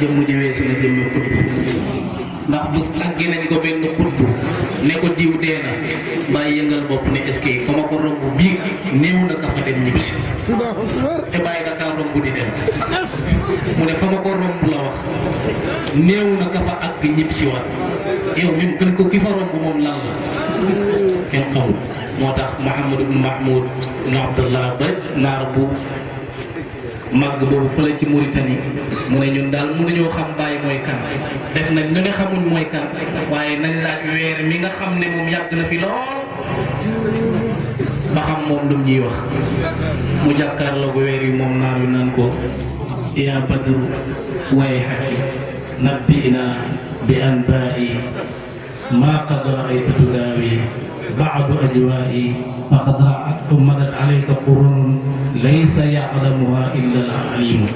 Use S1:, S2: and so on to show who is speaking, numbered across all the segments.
S1: jëmm ji weesu la jëmmi xutb ndax bis tàgge nañ ko benn xutb ne ko diw dee na bàyyi yëngal bopp ne est fa ma ko romb biig néew na ka fa dem ñib si te bàyyi da kaa romb di dem mu ne fa ma ko romb la wax néew na ka fa àgg ñib si yow même ki fa romb moom lan la kenn xamul moo tax Mouhamadou ibn Mahmoud ibn Abdallah naar bu màgg boobu fu la ci Mauritanie mu ne ñun daal mënuñoo xam bàyyi mooy kan def nag ñu ne xamuñ mooy kan waaye nañ laaj weer mi nga xam ne moom yàgg na fi lool ba xam moom lu ñuy wax mu jàkkaarloo ko weer yi moom naar yu naan ko yaa badru waaye xaki nabbi naa bi anbaa'i maa qad raaytu tudaawi بعد أجوائي فقد رأت مرت عليك قرون ليس يعلمها إلا العليم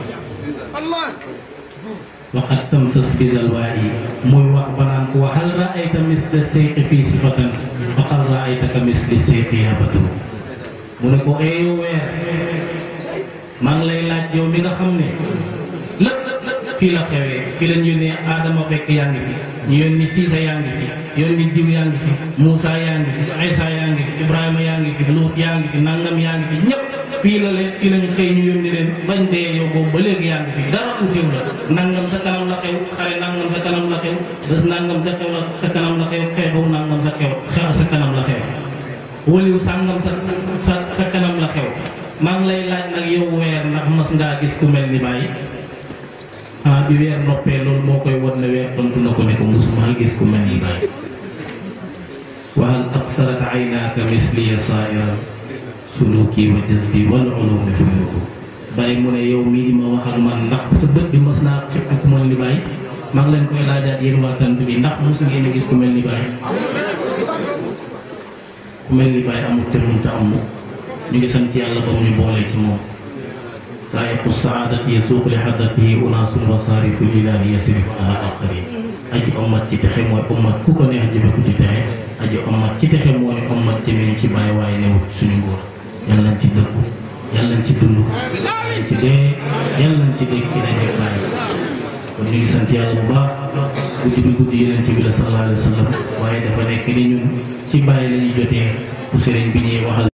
S1: وقد تمسس بزلوائي موي واخ بنان وهل رايت مثل السيق في صفه فقد رايتك مثل السيق يا بدر mu ne ko eeyo weer maa ngi lay laaj yow mi nga xam ne fii la xewee fii la ne Adama fekk yaa ngi fi ñu yónni Siisa yaa ngi fi yónni Diw yaa ngi fi Moussa yaa fi Aysa yaa fi Ibrahima yaa fi Luut yaa fi Nangam yaa fi ñëpp fii la leen fii lañu xëy ñu yónni leen bañ dee yow ba léegi yaa fi dara utiw la nangam sa kanam la xew xare nangam sa kanam la xew des nangam sa xew sa kanam la xew xeexu nangam sa xew sa kanam la xew waliw sàngam sa sa sa kanam la xew maa ngi lay laaj nag yow weer ndax mas ngaa gis ah bi weer noppee loolu moo koy wan ne weer tontu na ko ne ko musuma gis ku mel ni baay waxal absarat aynaaka misliya saayira suluki wa jazbi wal ulumi fayuku bàyyi mu ne yow mii di ma wax ak man ndax sa bët bi mos naa ci ak mel ni baay maa koy laajaat yéen waa tant bi ndax mosu ngeen a gis ku mel ni baay ku mel ni baay amul te mënta amul ñu ngi sant yàlla ba mu ñu boole ci moom. سائق السعادة يسوق لحضرته أناس مصارف الإله يصرفونها عن قريب aji omat ci texe mooy omat ku ko neex jëme ko ci texe aji omat ci texe moo ne omat ci min ci bàyyi waaye newut suñu nguur yàlla nañ ci dëkku yàlla nañ ci dund yàlla nañ ci ci dee kii nañ ci bàyyi kon ñu ngi sant yàlla bu baax guddi bi guddi waaye dafa nekk ni ñun ci bàyyi la jotee ku sëriñ bi ñuy waxal